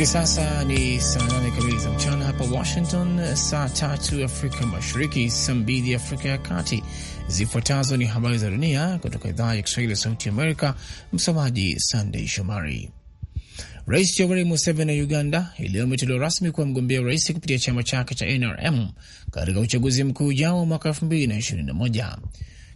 Hivi sasa ni saa nane kamili za mchana hapa Washington, saa tatu Afrika Mashariki, saa mbili Afrika ya Kati. Zifuatazo ni habari za dunia kutoka idhaa ya Kiswahili ya Sauti Amerika. Msomaji Sandei Shomari. Rais Yoweri Museveni wa Uganda iliyo ametolewa rasmi kuwa mgombea urais kupitia chama chake cha NRM katika uchaguzi mkuu ujao wa mwaka e221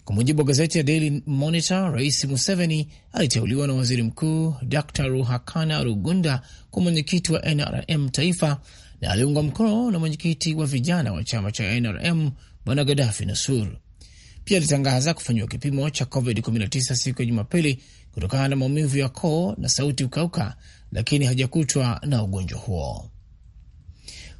kwa mujibu wa gazeti ya Daily Monitor, Rais Museveni aliteuliwa na waziri mkuu Dr Ruhakana Rugunda kwa mwenyekiti wa NRM taifa na aliungwa mkono na mwenyekiti wa vijana wa chama cha NRM Bwana Gadafi Nasur. Pia alitangaza kufanyiwa kipimo cha COVID-19 siku ya Jumapili kutokana na maumivu ya koo na sauti ukauka lakini hajakutwa na ugonjwa huo.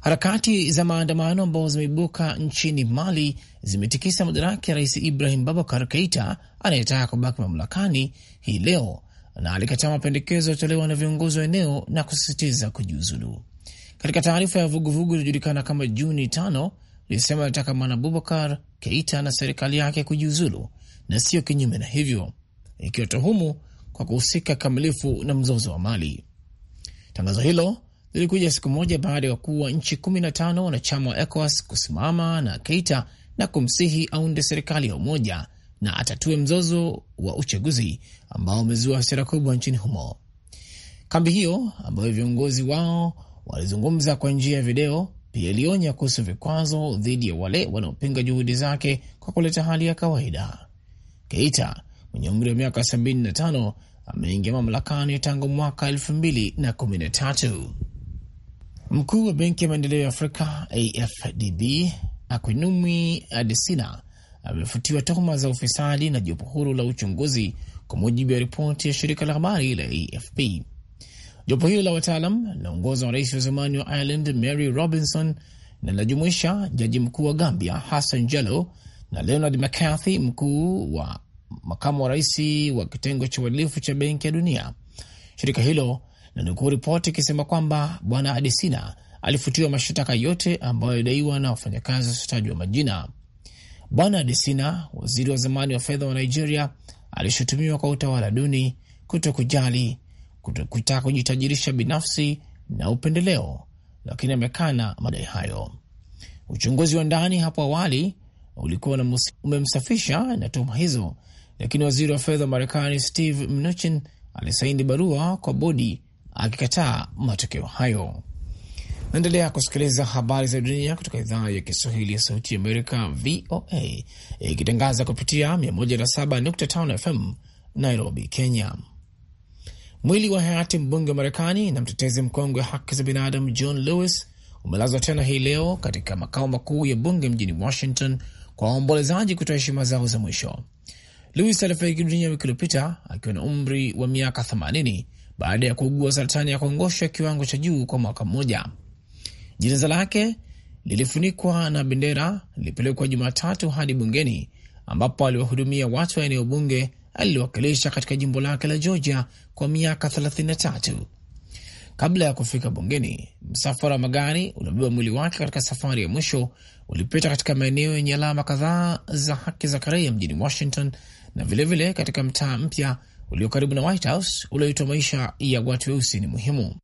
Harakati za maandamano ambao zimeibuka nchini Mali zimetikisa madaraka ya rais Ibrahim Babakar Keita anayetaka kubaki mamlakani hii leo, na alikataa mapendekezo yatolewa na viongozi wa eneo na kusisitiza kujiuzulu. Katika taarifa ya vuguvugu iliyojulikana kama Juni tano ilisema anataka mwana Bubakar Keita na serikali yake kujiuzulu na sio kinyume na hivyo, ikiwatuhumu kwa kuhusika kikamilifu na mzozo wa Mali. Tangazo hilo zilikuja siku moja baada ya wakuu wa nchi 15 tano wanachama wa ECOWAS kusimama na Keita na kumsihi aunde serikali ya umoja na atatue mzozo wa uchaguzi ambao umezua hasira kubwa nchini humo. Kambi hiyo ambayo viongozi wao walizungumza kwa njia ya video pia ilionya kuhusu vikwazo dhidi ya wale wanaopinga juhudi zake kwa kuleta hali ya kawaida. Keita mwenye umri wa miaka 75 ameingia mamlakani tangu mwaka 2013. Mkuu wa Benki ya Maendeleo ya Afrika AFDB Akwenumwi Adesina amefutiwa tuhuma za ufisadi na jopo huru la uchunguzi, kwa mujibu ya ripoti ya shirika la habari la AFP. Jopo hilo la wataalam linaongozwa na rais wa zamani wa Ireland Mary Robinson na linajumuisha jaji mkuu wa Gambia Hassan Jallow na Leonard McCarthy, mkuu wa makamu wa rais wa kitengo cha uadilifu cha Benki ya Dunia. Shirika hilo na nukuu ripoti ikisema kwamba Bwana Adesina alifutiwa mashtaka yote ambayo alidaiwa na wafanyakazi wasiotajwa majina. Bwana Adesina, waziri wa zamani wa fedha wa Nigeria, alishutumiwa kwa utawala duni, kuto kujali, kutaka kujitajirisha binafsi na upendeleo, lakini amekana madai hayo. Uchunguzi wa ndani hapo awali ulikuwa umemsafisha na tuhuma hizo, lakini waziri wa fedha wa Marekani Steve Mnuchin alisaini barua kwa bodi akikataa matokeo hayo. Naendelea kusikiliza habari za dunia kutoka idhaa ya Kiswahili ya Sauti Amerika, VOA, ikitangaza kupitia 107.5 FM Nairobi, Kenya. Mwili wa hayati mbunge wa Marekani na mtetezi mkongwe wa haki za binadamu John Lewis umelazwa tena hii leo katika makao makuu ya bunge mjini Washington kwa waombolezaji kutoa heshima zao za mwisho. Lewis alifariki dunia wiki iliyopita akiwa na umri wa miaka 80 baada ya kuugua saratani ya kongosho ya kiwango cha juu kwa mwaka mmoja. Jeneza lake lilifunikwa na bendera, lilipelekwa Jumatatu hadi bungeni ambapo aliwahudumia watu wa eneo bunge aliliwakilisha katika jimbo lake la Georgia kwa miaka 33. Kabla ya kufika bungeni, msafara wa magari uliobeba mwili wake katika safari ya mwisho ulipita katika maeneo yenye alama kadhaa za haki za kiraia mjini Washington na vilevile vile katika mtaa mpya ulio karibu na White House ulioitwa maisha ya watu weusi ni muhimu.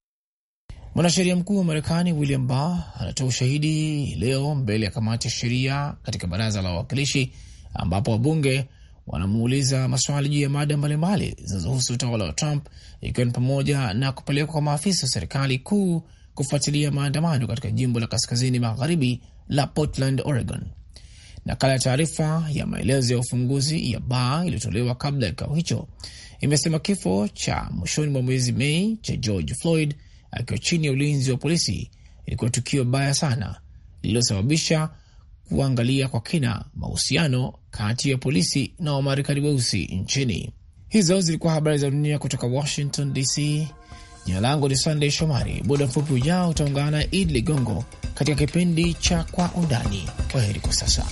Mwanasheria mkuu wa Marekani William Barr anatoa ushahidi leo mbele ya kamati ya sheria katika baraza la wawakilishi, ambapo wabunge wanamuuliza maswali juu ya mada mbalimbali zinazohusu utawala wa Trump, ikiwa ni pamoja na kupelekwa kwa maafisa wa serikali kuu kufuatilia maandamano katika jimbo la kaskazini magharibi la Portland, Oregon. Nakala ya taarifa ya maelezo ya ufunguzi ya Barr iliyotolewa kabla ya kikao hicho imesema kifo cha mwishoni mwa mwezi Mei cha George Floyd akiwa chini ya ulinzi wa polisi ilikuwa tukio baya sana lililosababisha kuangalia kwa kina mahusiano kati ya polisi na Wamarekani weusi nchini. Hizo zilikuwa habari za dunia kutoka Washington DC. Jina langu ni Sandey Shomari. Muda mfupi ujao utaungana na Idi Ligongo katika kipindi cha Kwa Undani. Kwa heri kwa sasa.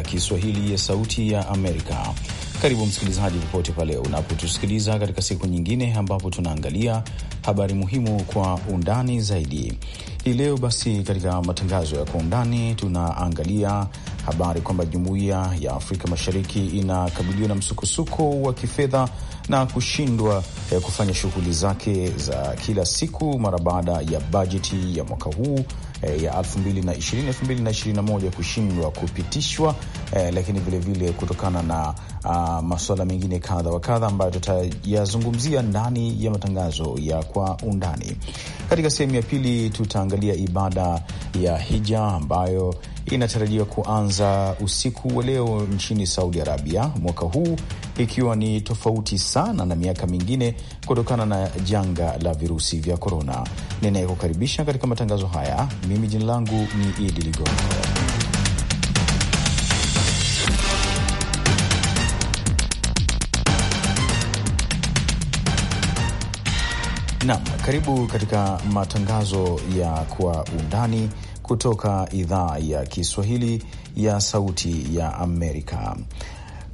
ya Kiswahili ya Sauti ya Amerika. Karibu msikilizaji, popote pale unapotusikiliza katika siku nyingine ambapo tunaangalia habari muhimu kwa undani zaidi. Hii leo basi, katika matangazo ya kwa undani, tunaangalia habari kwamba jumuiya ya Afrika Mashariki inakabiliwa na msukosuko wa kifedha na kushindwa eh, kufanya shughuli zake za kila siku mara baada ya bajeti ya mwaka huu eh, ya 2020 2021 kushindwa kupitishwa eh, lakini vilevile kutokana na uh, masuala mengine kadha wa kadha ambayo tutayazungumzia ndani ya matangazo ya kwa undani. Katika sehemu ya pili tutaangalia ibada ya hija ambayo inatarajiwa kuanza usiku wa leo nchini Saudi Arabia mwaka huu ikiwa ni tofauti sana na miaka mingine kutokana na janga la virusi vya korona. Ninayekukaribisha katika matangazo haya mimi, jina langu ni Idi Ligongo. Naam, karibu katika matangazo ya kwa undani kutoka idhaa ya Kiswahili ya Sauti ya Amerika.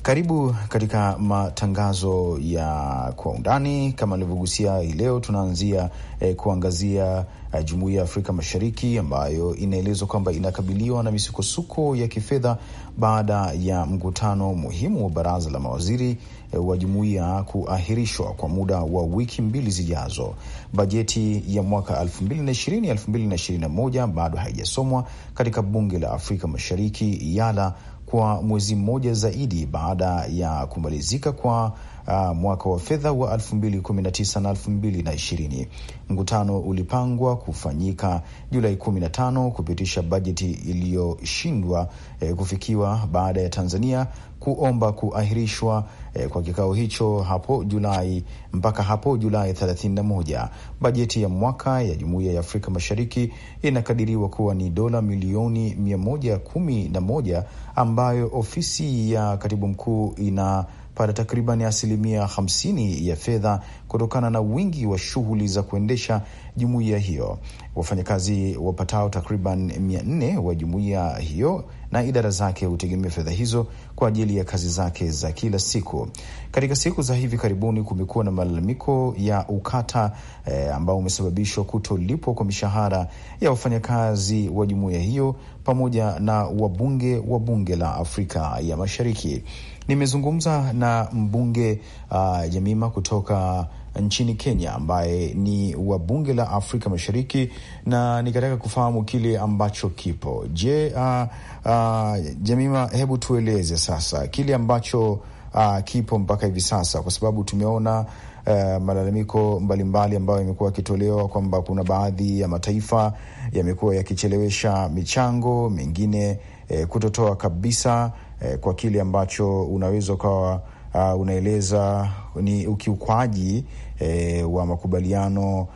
Karibu katika matangazo ya kwa undani. Kama nilivyogusia, hii leo tunaanzia eh, kuangazia eh, jumuiya ya Afrika Mashariki ambayo inaelezwa kwamba inakabiliwa na misukosuko ya kifedha baada ya mkutano muhimu wa baraza la mawaziri eh, wa jumuiya kuahirishwa kwa muda wa wiki mbili zijazo. Bajeti ya mwaka 2020 2021 bado haijasomwa katika bunge la Afrika Mashariki, Yala kwa mwezi mmoja zaidi baada ya kumalizika kwa uh, mwaka wa fedha wa 2019 na 2020. Mkutano ulipangwa kufanyika Julai 15 kupitisha bajeti iliyoshindwa eh, kufikiwa baada ya Tanzania kuomba kuahirishwa eh, kwa kikao hicho hapo Julai mpaka hapo Julai 31. Bajeti ya mwaka ya Jumuiya ya Afrika Mashariki inakadiriwa kuwa ni dola milioni 111 ambayo ofisi ya katibu mkuu ina kupata takriban asilimia 50 ya fedha kutokana na wingi wa shughuli za kuendesha jumuiya hiyo. Wafanyakazi wapatao takriban 400 wa jumuiya hiyo na idara zake hutegemea fedha hizo kwa ajili ya kazi zake za kila siku. Katika siku za hivi karibuni, kumekuwa na malalamiko ya ukata eh, ambao umesababishwa kutolipwa kwa mishahara ya wafanyakazi wa jumuiya hiyo pamoja na wabunge wa bunge la Afrika ya Mashariki. Nimezungumza na mbunge uh, Jamima kutoka nchini Kenya ambaye ni wa bunge la Afrika Mashariki na nikataka kufahamu kile ambacho kipo. Je, uh, uh, Jamima, hebu tueleze sasa kile ambacho uh, kipo mpaka hivi sasa, kwa sababu tumeona Uh, malalamiko mbalimbali ambayo yamekuwa yakitolewa kwamba kuna baadhi ya mataifa yamekuwa yakichelewesha michango mengine, eh, kutotoa kabisa eh, kwa kile ambacho unaweza ukawa uh, unaeleza ni ukiukwaji eh, wa makubaliano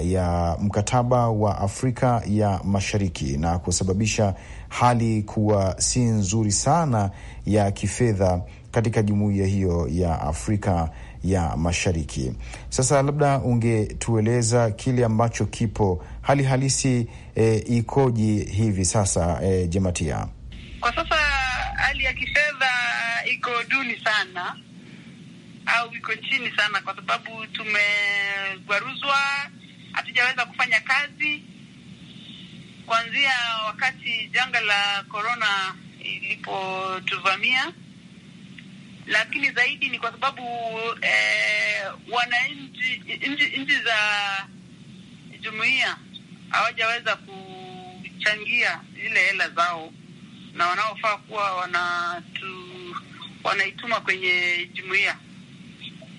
Uh, ya mkataba wa Afrika ya Mashariki na kusababisha hali kuwa si nzuri sana ya kifedha katika jumuiya hiyo ya Afrika ya Mashariki. Sasa labda ungetueleza kile ambacho kipo hali halisi, e, ikoje hivi sasa e, Jematia? Kwa sasa hali ya kifedha uh, iko duni sana au iko chini sana, kwa sababu tumegwaruzwa, hatujaweza kufanya kazi kuanzia wakati janga la korona ilipotuvamia, lakini zaidi ni kwa sababu eh, wananchi nchi za jumuiya hawajaweza kuchangia zile hela zao na wanaofaa kuwa wanatu, wanaituma kwenye jumuia.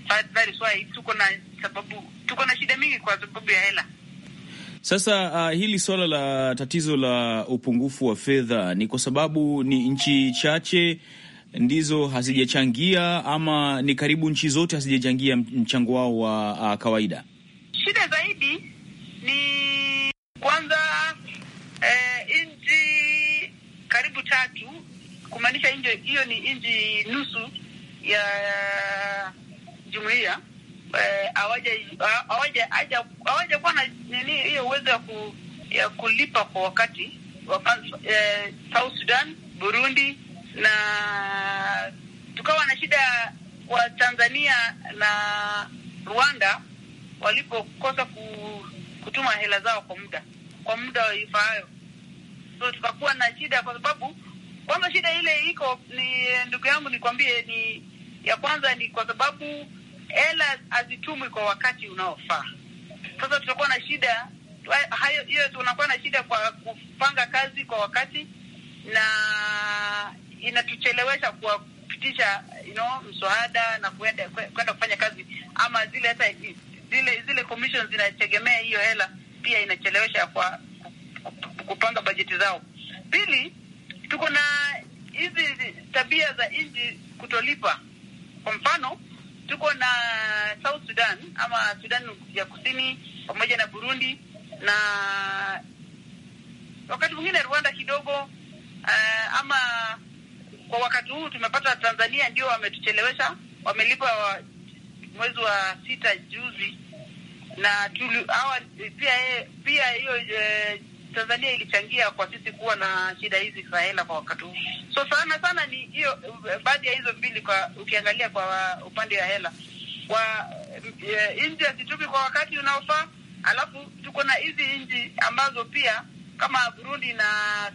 jumuiya. Tuko na sababu, tuko na shida mingi kwa sababu ya hela. Sasa uh, hili swala la tatizo la upungufu wa fedha ni kwa sababu ni nchi chache ndizo hazijachangia ama ni karibu nchi zote hazijachangia mchango wao wa uh, kawaida. Shida zaidi ni kwanza kumaanisha hiyo ni inji nusu ya jumuiya eh, kuwa na nini hiyo uwezo ya, ku, ya kulipa kwa wakati waka, eh, South Sudan, Burundi na tukawa na shida wa Tanzania na Rwanda walipokosa ku, kutuma hela zao kwa muda kwa muda ifaayo, so tukakuwa na shida kwa sababu kwanza shida ile iko ni ndugu yangu, nikwambie, ni ya kwanza ni kwa sababu hela hazitumwi kwa wakati unaofaa. Sasa tutakuwa na shida hayo hiyo, tunakuwa na shida kwa kupanga kazi kwa wakati, na inatuchelewesha kwa kupitisha you know, mswada na kuenda kwenda kufanya kazi ama zile hata zile zile commission zinategemea hiyo hela, pia inachelewesha kwa kupanga bajeti zao. Pili, tuko na hizi tabia za nchi kutolipa. Kwa mfano, tuko na South Sudan ama Sudan ya Kusini pamoja na Burundi na wakati mwingine Rwanda kidogo, uh, ama kwa wakati huu tumepata Tanzania ndio wametuchelewesha, wamelipa wa mwezi wa sita juzi, na tuli, awa, pia hiyo eh, Tanzania ilichangia kwa sisi kuwa na shida hizi za hela kwa wakati huu. So sana sana ni hiyo eh, baadhi ya hizo mbili, kwa ukiangalia kwa upande wa hela kwa e, nchi hazitumiki kwa wakati unaofaa, alafu tuko na hizi nji ambazo pia kama Burundi na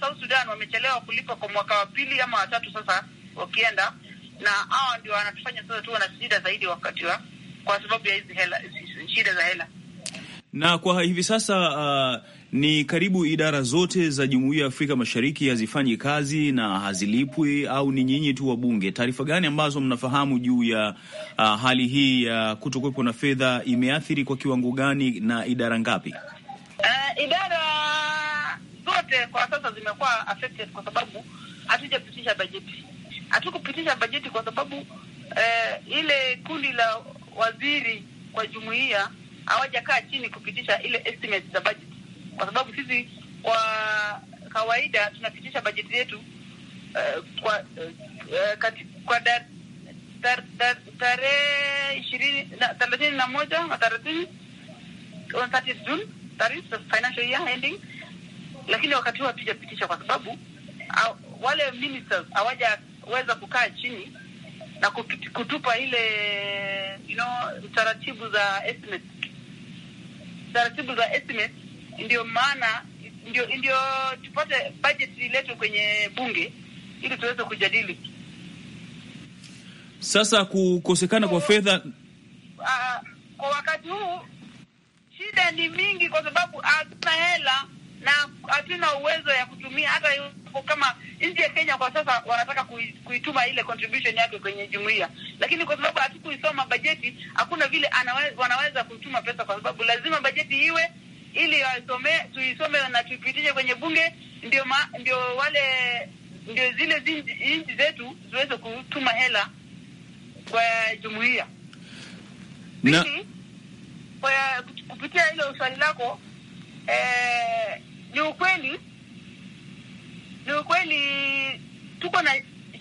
South Sudan wamechelewa kulipa kwa mwaka wa pili ama watatu sasa wakienda, na hawa ndio wanatufanya sasa tuwe na shida zaidi wakati wa kwa sababu ya hizi hela, shida za hela na kwa hivi sasa uh ni karibu idara zote za Jumuiya ya Afrika Mashariki hazifanyi kazi na hazilipwi, au ni nyinyi tu wabunge? Taarifa gani ambazo mnafahamu juu ya uh, hali hii ya uh, kutokuwepo na fedha imeathiri kwa kiwango gani na idara ngapi? Uh, idara zote kwa sasa zimekuwa affected kwa sababu hatujapitisha bajeti, hatukupitisha bajeti kwa sababu uh, ile kundi la waziri kwa jumuiya hawajakaa chini kupitisha ile estimate za bajeti kwa sababu sisi kwa kawaida tunapitisha bajeti yetu uh, eh, kwa uh, kati, kwa tarehe tar, tar, tar, ishirini na thelathini na moja na thelathini on June financial year ending, lakini wakati huu hatujapitisha kwa sababu aw, wale ministers hawajaweza kukaa chini na kutupa ile you know taratibu za estimate taratibu za estimate ndio maana ndio ndio tupate budget iletwe kwenye bunge ili tuweze kujadili. Sasa kukosekana kwa fedha uh, kwa wakati huu shida ni mingi, kwa sababu hatuna hela na hatuna uwezo ya kutumia hata kama nchi ya Kenya kwa sasa wanataka kuituma ile contribution yake kwenye jumuiya, lakini kwa sababu hatukuisoma bajeti, hakuna vile anaweza, wanaweza kuituma pesa, kwa sababu lazima bajeti iwe ili wasome, tuisome na tuipitishe kwenye bunge, ndio ndio wale ndio zile nchi zetu ziweze kutuma hela kwa jumuiya na... kwa kupitia hilo swali lako eh, ni ukweli ni ukweli tuko na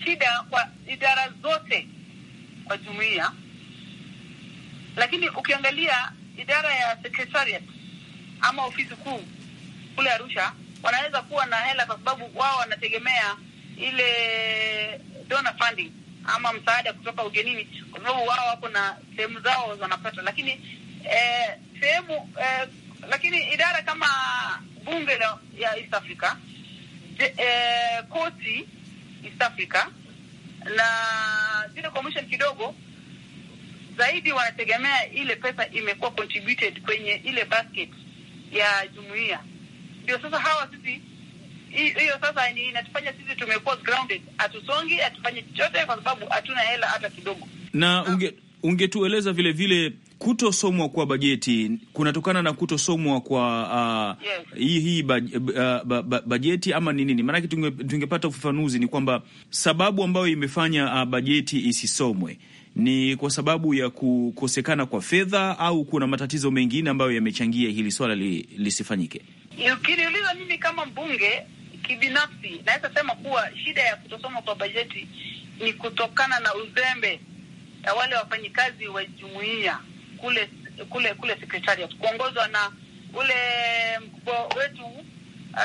shida kwa idara zote kwa jumuiya, lakini ukiangalia idara ya secretariat ama ofisi kuu kule Arusha wanaweza kuwa na hela kwa sababu wao wanategemea ile donor funding ama msaada kutoka ugenini, kwa sababu wao wako na sehemu zao wanapata, lakini eh, sehemu eh, lakini idara kama bunge la ya East Africa de, eh, koti East Africa na zile commission kidogo zaidi wanategemea ile pesa imekuwa contributed kwenye ile basket ya jumuiya. Ndio sasa hawa sisi, hiyo sasa ni inatufanya sisi tumekuwa grounded, hatusongi, hatufanye chochote kwa sababu hatuna hela hata kidogo. Na unge, ungetueleza vile vile kutosomwa kwa bajeti kunatokana na kutosomwa kwa uh, yes. hii hii baj, uh, ba, ba, bajeti ama ni nini? Maanake tunge, tungepata ufafanuzi ni kwamba sababu ambayo imefanya uh, bajeti isisomwe ni kwa sababu ya kukosekana kwa fedha au kuna matatizo mengine ambayo yamechangia hili swala li, lisifanyike? Ukiniuliza mimi kama mbunge kibinafsi, naweza sema kuwa shida ya kutosoma kwa bajeti ni kutokana na uzembe ya wale wafanyikazi wa jumuiya kule kule kule secretariat kuongozwa na ule mkubwa wetu uh,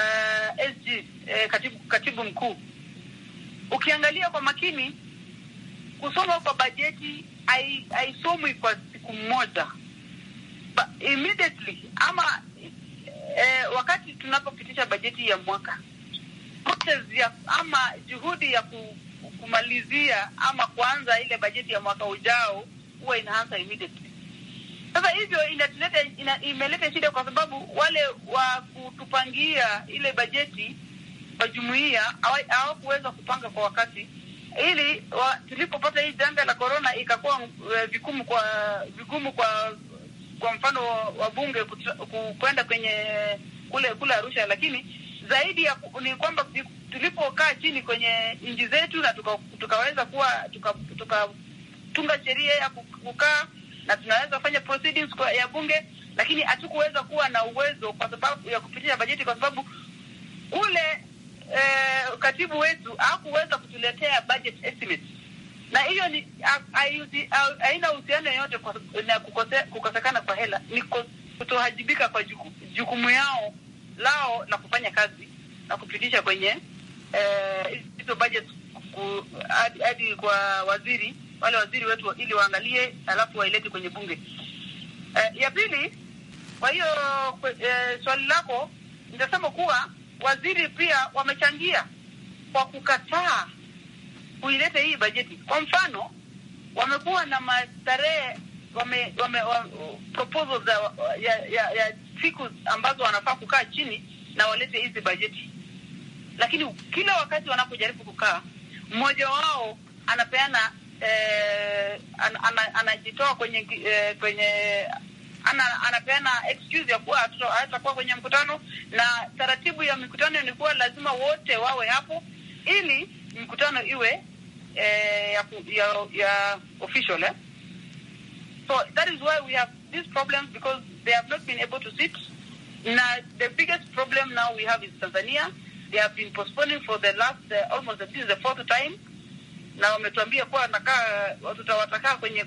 eh, SG eh, katibu, katibu mkuu. Ukiangalia kwa makini kusoma kwa bajeti haisomwi kwa siku moja immediately ama eh, wakati tunapopitisha bajeti ya mwaka ya, ama juhudi ya kumalizia ama kuanza ile bajeti ya mwaka ujao huwa inaanza immediately. Sasa hivyo inatuleta ina, imeleta shida kwa sababu wale wa kutupangia ile bajeti wa jumuiya hawakuweza kupanga kwa wakati ili tulipopata hii janga la corona ikakuwa eh, vigumu kwa vigumu kwa kwa mfano wabunge kwenda kwenye kule kule Arusha, lakini zaidi ya ni kwamba tulipokaa chini kwenye nchi zetu na tuka, tukaweza kuwa tukatunga tuka sheria ya kukaa na tunaweza kufanya proceedings kwa, ya bunge, lakini hatukuweza kuwa na uwezo kwa sababu ya kupitisha bajeti kwa sababu kule eh, katibu wetu hakuweza kutuletea budget estimate, na hiyo ni haina uhusiano yoyote na kukosekana kwa hela, ni kutohajibika kwa juku, jukumu yao lao na kufanya kazi na kupitisha kwenye eh, hizo eh, budget hadi kwa waziri wale waziri wetu ili waangalie alafu wailete kwenye bunge. Eh, ya pili. Kwa hiyo eh, swali lako nitasema kuwa waziri pia wamechangia kwa kukataa kuileta hii bajeti. Kwa mfano, wamekuwa na mastarehe wame, wame, wame, proposals ya, ya, ya, ya siku ambazo wanafaa kukaa chini na walete hizi bajeti, lakini kila wakati wanapojaribu kukaa, mmoja wao anapeana eh, an, an, anajitoa kwenye eh, kwenye ana, anapeana excuse ya kuwa hatakuwa kwenye mkutano, na taratibu ya mikutano ni kuwa lazima wote wawe hapo ili mkutano iwe e, ya, ya, ya official eh? So that is why we have these problems because they have not been able to sit. Na the biggest problem now we have is Tanzania. They have been postponing for the last uh, almost this is the fourth time, na wametuambia kuwa watakaa kwenye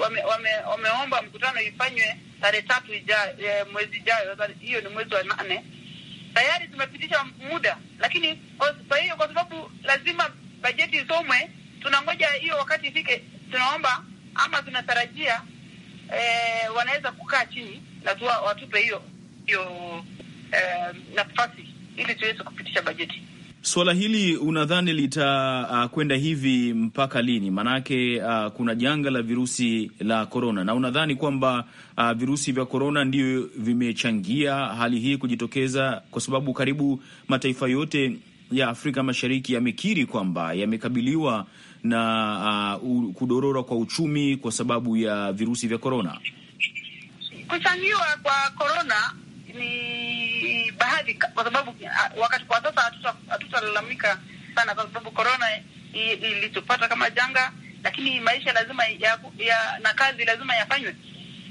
wameomba wame, wameomba mkutano ifanywe tarehe tatu ijayo, e, mwezi ijayo. Hiyo ni mwezi wa nane. Tayari tumepitisha muda, lakini kwa hiyo kwa sababu lazima bajeti isomwe, tunangoja hiyo wakati ifike. Tunaomba ama tunatarajia e, wanaweza kukaa chini na tuwa, watupe hiyo hiyo e, nafasi ili tuweze kupitisha bajeti. Suala hili unadhani litakwenda uh, hivi mpaka lini? Maanake uh, kuna janga la virusi la korona, na unadhani kwamba uh, virusi vya korona ndio vimechangia hali hii kujitokeza, kwa sababu karibu mataifa yote ya Afrika Mashariki yamekiri kwamba yamekabiliwa na uh, kudorora kwa uchumi kwa sababu ya virusi vya korona, kuchangiwa kwa korona ni baadhi, kwa sababu wakati kwa sasa hatutalalamika sana, kwa sababu korona ilitupata kama janga, lakini maisha lazima ya, ya, na kazi lazima yafanywe.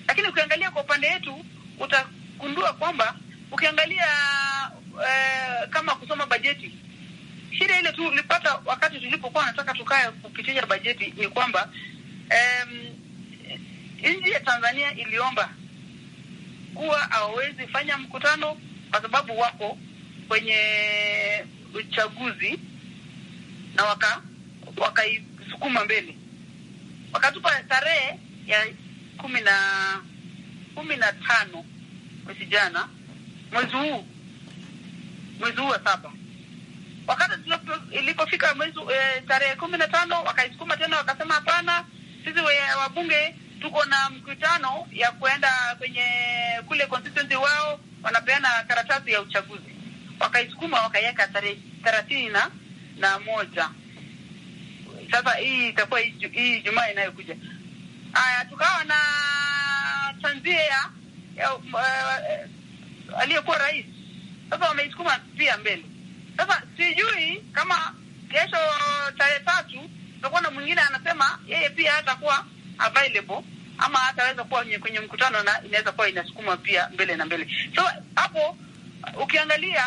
Lakini ukiangalia kwa upande wetu utagundua kwamba ukiangalia e, kama kusoma bajeti shida ile tulipata wakati tulipokuwa nataka tukae kupitisha bajeti ni kwamba um, nchi ya Tanzania iliomba kuwa hawawezi fanya mkutano kwa sababu wako kwenye uchaguzi na waka wakaisukuma mbele, wakatupa tarehe ya kumi na kumi na tano mwezi jana, mwezi huu mwezi huu wa saba. Wakati ilipofika mwezi e, tarehe kumi na tano wakaisukuma tena, wakasema hapana, sisi wabunge tuko na mkutano ya kuenda kwenye kule constituency wao, wanapeana karatasi ya uchaguzi, wakaisukuma wakaiweka tarehe thelathini na na moja. Sasa hii itakuwa hii Jumaa inayokuja. Haya, tukawa na tanzia eh, aliyekuwa rais, sasa wameisukuma pia mbele. Sasa sijui kama kesho tarehe tatu tutakuwa na mwingine anasema yeye pia atakuwa available ama ataweza kuwa kwenye mkutano, na inaweza kuwa inasukuma pia mbele na mbele. So hapo ukiangalia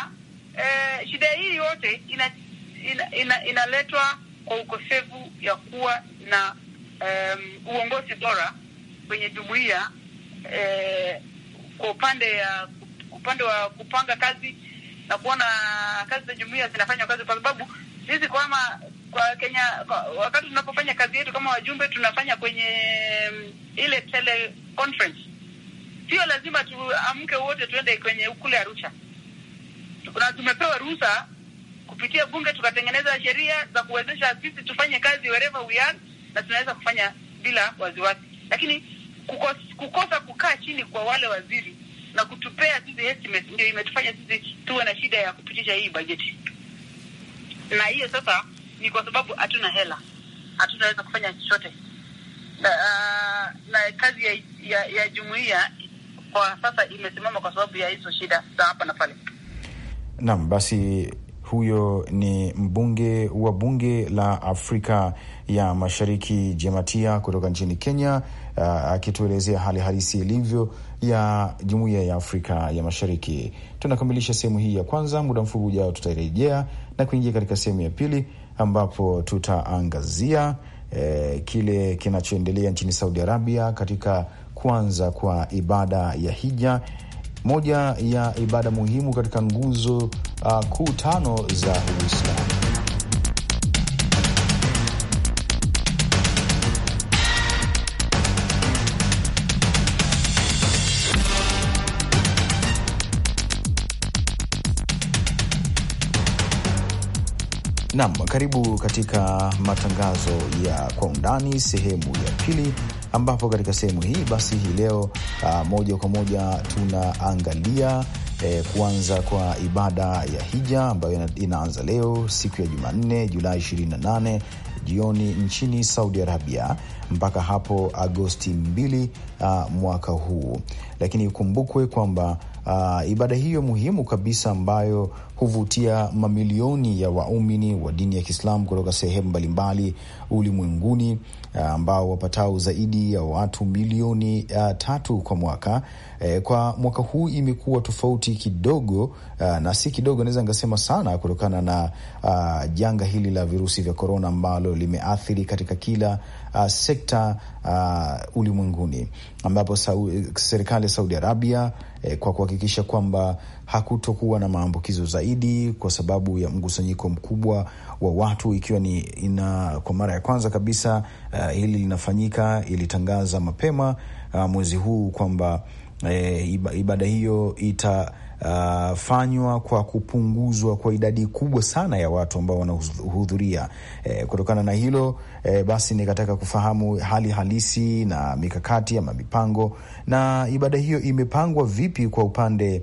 eh, shida hii yote inaletwa ina, ina, ina kwa ukosefu ya kuwa na um, uongozi bora kwenye jumuiya eh, kwa upande ya upande wa kupanga kazi na kuona kazi za jumuiya zinafanywa kazi, kwa sababu sisi kama kwa Kenya kwa, wakati tunapofanya kazi yetu kama wajumbe tunafanya kwenye m, mm, ile teleconference. Sio lazima tuamke wote tuende kwenye ukule Arusha. Kuna tumepewa ruhusa kupitia bunge tukatengeneza sheria za kuwezesha sisi tufanye kazi wherever we are, na tunaweza kufanya bila waziwazi, lakini kukosa, kukosa kukaa chini kwa wale waziri na kutupea sisi estimate ndio imetufanya sisi tuwe na shida ya kupitisha hii bajeti, na hiyo sasa ni kwa sababu hatuna hela, hatunaweza kufanya chochote na, uh, na kazi ya, ya, ya jumuiya kwa sasa imesimama kwa sababu ya hizo shida za hapa na pale. Naam, basi huyo ni mbunge wa bunge la Afrika ya Mashariki Jematia kutoka nchini Kenya uh, akituelezea hali halisi ilivyo ya jumuiya ya Afrika ya Mashariki. Tunakamilisha sehemu hii ya kwanza. Muda mfupi ujao tutarejea na kuingia katika sehemu ya pili ambapo tutaangazia e, kile kinachoendelea nchini Saudi Arabia katika kuanza kwa ibada ya hija, moja ya ibada muhimu katika nguzo uh, kuu tano za Uislamu. Nam, karibu katika matangazo ya kwa undani sehemu ya pili, ambapo katika sehemu hii basi hii leo uh, moja kwa moja tunaangalia eh, kuanza kwa ibada ya hija ambayo inaanza leo siku ya Jumanne Julai 28 jioni nchini Saudi Arabia mpaka hapo Agosti 2 uh, ah, mwaka huu. Lakini ikumbukwe kwamba uh, ibada hiyo muhimu kabisa ambayo huvutia mamilioni ya waumini wa dini ya Kiislamu kutoka sehemu mbalimbali ulimwenguni eh, ambao wapatao zaidi ya watu milioni uh, tatu kwa mwaka. E, kwa mwaka huu imekuwa tofauti kidogo uh, na si kidogo, naweza nikasema sana, kutokana na uh, janga hili la virusi vya korona ambalo limeathiri katika kila uh, sekta uh, ulimwenguni, ambapo serikali ya Saudi Arabia eh, kwa kuhakikisha kwamba hakutokuwa na maambukizo zaidi kwa sababu ya mkusanyiko mkubwa wa watu, ikiwa ni ina kwa mara ya kwanza kabisa eh, hili linafanyika. Ilitangaza mapema uh, mwezi huu kwamba E, ibada hiyo itafanywa ah, uh, kwa kupunguzwa kwa idadi kubwa sana ya watu ambao wanahudhuria. E, kutokana na hilo e, basi nikataka kufahamu hali halisi na mikakati ama mipango, na ibada hiyo imepangwa vipi kwa upande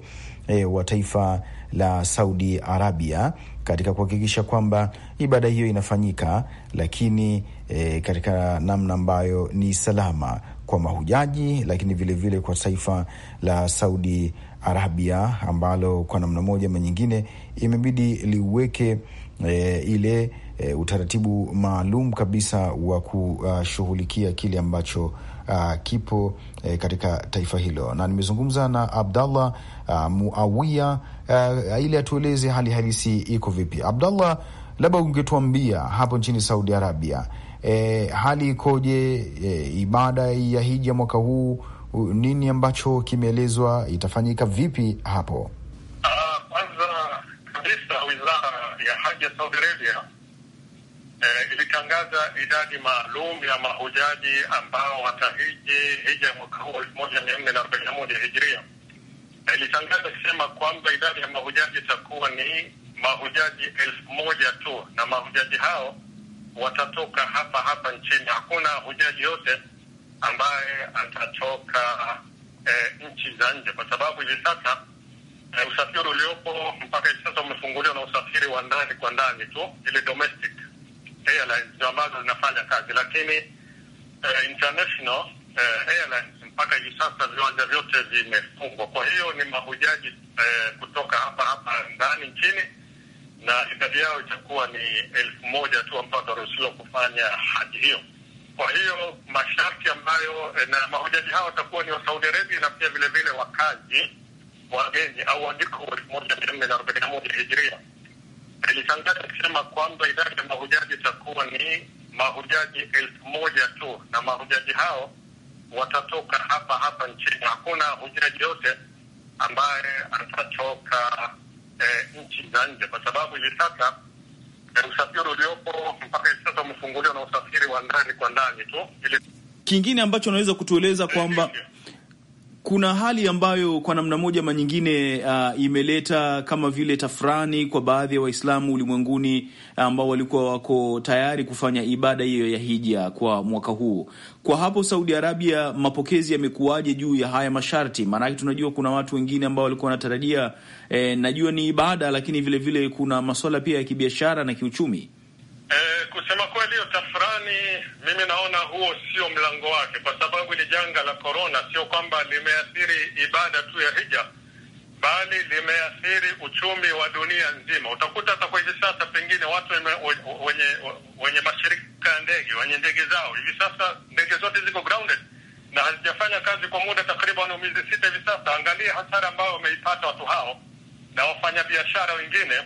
e, wa taifa la Saudi Arabia katika kuhakikisha kwamba ibada hiyo inafanyika, lakini e, katika namna ambayo ni salama kwa mahujaji, lakini vilevile vile kwa taifa la Saudi Arabia ambalo kwa namna moja ama nyingine imebidi liweke e, ile e, utaratibu maalum kabisa wa kushughulikia kile ambacho uh, kipo eh, katika taifa hilo, na nimezungumza na Abdallah uh, Muawia uh, ili atueleze hali halisi iko vipi. Abdallah, labda ungetuambia hapo nchini Saudi Arabia eh, hali ikoje? Eh, ibada ya hija mwaka huu nini ambacho kimeelezwa, itafanyika vipi hapo? Ah, kwanza kabisa, wizara ya haji ya Saudi Arabia eh, ilitangaza idadi maalum ya mahujaji ambao watahiji hija ya mwaka huu elfu moja mia nne na arobaini na moja hijiria. Eh, ilitangaza ikisema kwamba idadi ya mahujaji itakuwa ni mahujaji elfu moja tu, na mahujaji hao watatoka hapa hapa nchini. Hakuna hujaji yote ambaye atatoka eh, nchi za nje, kwa sababu hivi sasa eh, usafiri uliopo mpaka hivi sasa umefunguliwa na usafiri wa ndani kwa ndani tu, ile domestic airlines ambazo zinafanya kazi, lakini eh, international eh, airlines mpaka hivi sasa viwanja vyote vimefungwa. Kwa hiyo ni mahujaji eh, kutoka hapa hapa ndani nchini, na idadi yao itakuwa ni elfu moja tu ambao wataruhusiwa kufanya haji hiyo. Kwa hiyo masharti ambayo eh, na mahujaji hao watakuwa ni wa Saudi Arabia na pia vilevile wakazi wageni au wandiko elfu moja mia nne na arobaini na moja hijiria alitangaza kusema kwamba idadi ya mahujaji itakuwa ni mahujaji elfu moja tu, na mahujaji hao watatoka hapa hapa nchini. Hakuna hujaji yote ambaye atatoka eh, nchi za nje, kwa sababu hivi sasa eh, usafiri uliopo mpaka hivi sasa umefunguliwa na usafiri wa ndani kwa ndani tu. Kingine ambacho unaweza kutueleza kwamba eh, kuna hali ambayo kwa namna moja ama nyingine uh, imeleta kama vile tafrani kwa baadhi ya wa Waislamu ulimwenguni uh, ambao walikuwa wako tayari kufanya ibada hiyo ya hija kwa mwaka huu. Kwa hapo Saudi Arabia, mapokezi yamekuwaje juu ya haya masharti? Maanake tunajua kuna watu wengine ambao walikuwa wanatarajia eh, najua ni ibada, lakini vilevile vile kuna maswala pia ya kibiashara na kiuchumi eh, kusema kwa tafurani mimi naona huo sio mlango wake, kwa sababu ile janga la korona sio kwamba limeathiri ibada tu ya hija, bali limeathiri uchumi wa dunia nzima. Utakuta hata kwa hivi sasa pengine watu wenye wenye mashirika ya ndege wenye ndege zao hivi sasa ndege zote ziko grounded na hazijafanya kazi kwa muda takriban miezi sita hivi sasa. Angalia hasara ambayo wameipata watu hao na wafanyabiashara wengine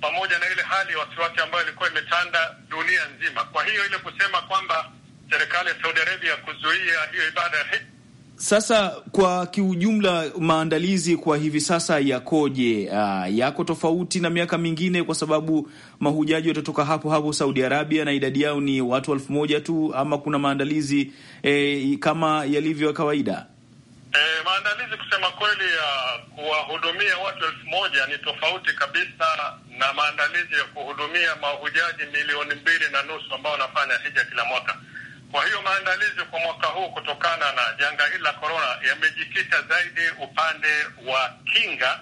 pamoja na ile hali ya wasiwasi ambayo ilikuwa imetanda dunia nzima. Kwa hiyo ile kusema kwamba serikali ya Saudi Arabia kuzuia hiyo ibada ya hija sasa kwa kiujumla, maandalizi kwa hivi sasa yakoje? Uh, yako tofauti na miaka mingine, kwa sababu mahujaji watatoka hapo hapo Saudi Arabia na idadi yao ni watu elfu moja tu, ama kuna maandalizi eh, kama yalivyo ya kawaida? Eh, maandalizi kusema kweli ya uh, kuwahudumia watu elfu moja ni tofauti kabisa na maandalizi ya kuhudumia mahujaji milioni mbili na nusu ambao wanafanya hija kila mwaka. Kwa hiyo maandalizi kwa mwaka huu kutokana na janga hili la korona yamejikita zaidi upande wa kinga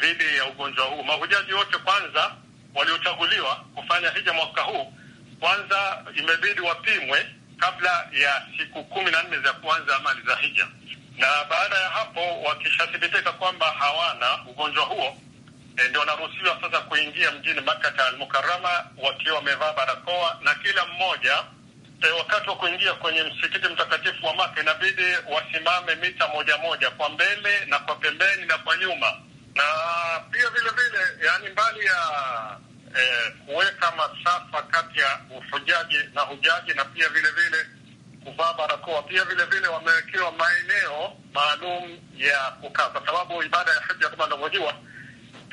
dhidi ya ugonjwa huu. Mahujaji wote kwanza waliochaguliwa kufanya hija mwaka huu, kwanza imebidi wapimwe kabla ya siku kumi na nne za kuanza amali za hija, na baada ya hapo wakishathibitika kwamba hawana ugonjwa huo e, ndio wanaruhusiwa sasa kuingia mjini al Almukarama wakiwa wamevaa barakoa na kila mmoja e, wakati wa kuingia kwenye msikiti mtakatifu wa Maka inabidi wasimame mita moja moja kwa mbele na kwa pembeni na kwa nyuma, na pia vile vile yani mbali ya e, kuweka masafa kati ya uhujaji na hujaji na pia vile vile kuvaa barakoa. Pia vile vile wamewekewa maeneo maalum ya kukaa, kwa sababu ibada ya hija kama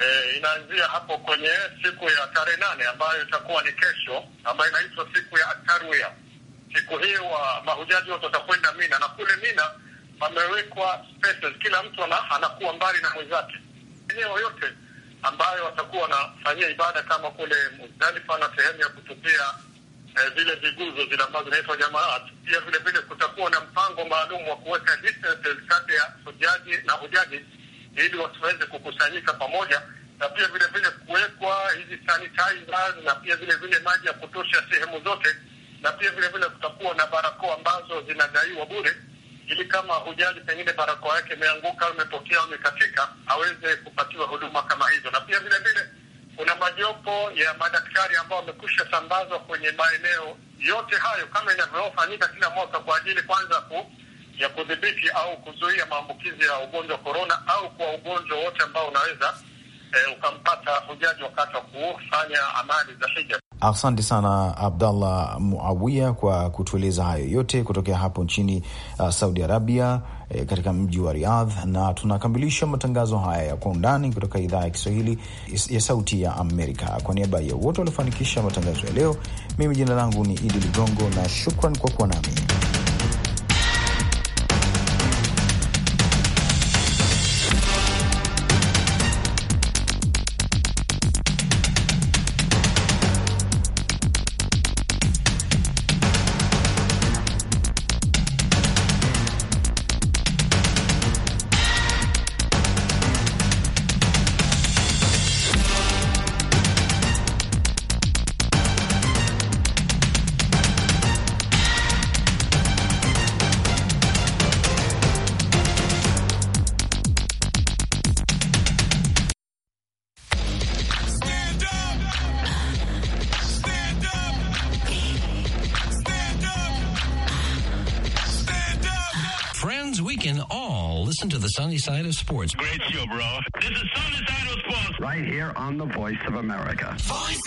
e, inaanzia hapo kwenye siku ya tarehe nane ambayo itakuwa ni kesho, ambayo inaitwa siku ya Tarwia. Siku hii wa mahujaji wote watakwenda Mina na kule Mina wamewekwa spaces, kila mtu ana, anakuwa mbali na mwenzake. Eneo yote ambayo watakuwa wanafanyia ibada kama kule Muzdalifa na sehemu ya kutupia e, zile viguzo zile ambazo zinaitwa jamaat. Pia vilevile kutakuwa na mpango maalum wa kuweka distances kati ya hujaji na hujaji ili wasiweze kukusanyika pamoja, na pia vile vile kuwekwa hizi sanitizers na pia vile vile maji ya kutosha sehemu zote, na pia vile vile kutakuwa na barakoa ambazo zinagaiwa bure, ili kama hujali pengine barakoa yake imeanguka au imetokea au imekatika, aweze kupatiwa huduma kama hizo. Na pia vile vile kuna majopo ya madaktari ambao wamekusha sambazwa kwenye maeneo yote hayo, kama inavyofanyika kila mwaka kwa ajili kwanza ku ya kudhibiti au kuzuia maambukizi ya ugonjwa wa korona au kwa ugonjwa wote ambao unaweza eh, ukampata hujaji wakati wa kufanya amali za hija. Asante sana Abdallah Muawia kwa kutueleza hayo yote kutokea hapo nchini uh, Saudi Arabia eh, katika mji wa Riyadh. Na tunakamilisha matangazo haya ya kwa undani kutoka idhaa ya Kiswahili ya Sauti ya Amerika. Kwa niaba ya wote waliofanikisha matangazo ya leo, mimi jina langu ni Idi Ligongo na shukran kwa kuwa nami. Sports. Great show, bro. This is Sunday Sports. Right here on the Voice of America. Voice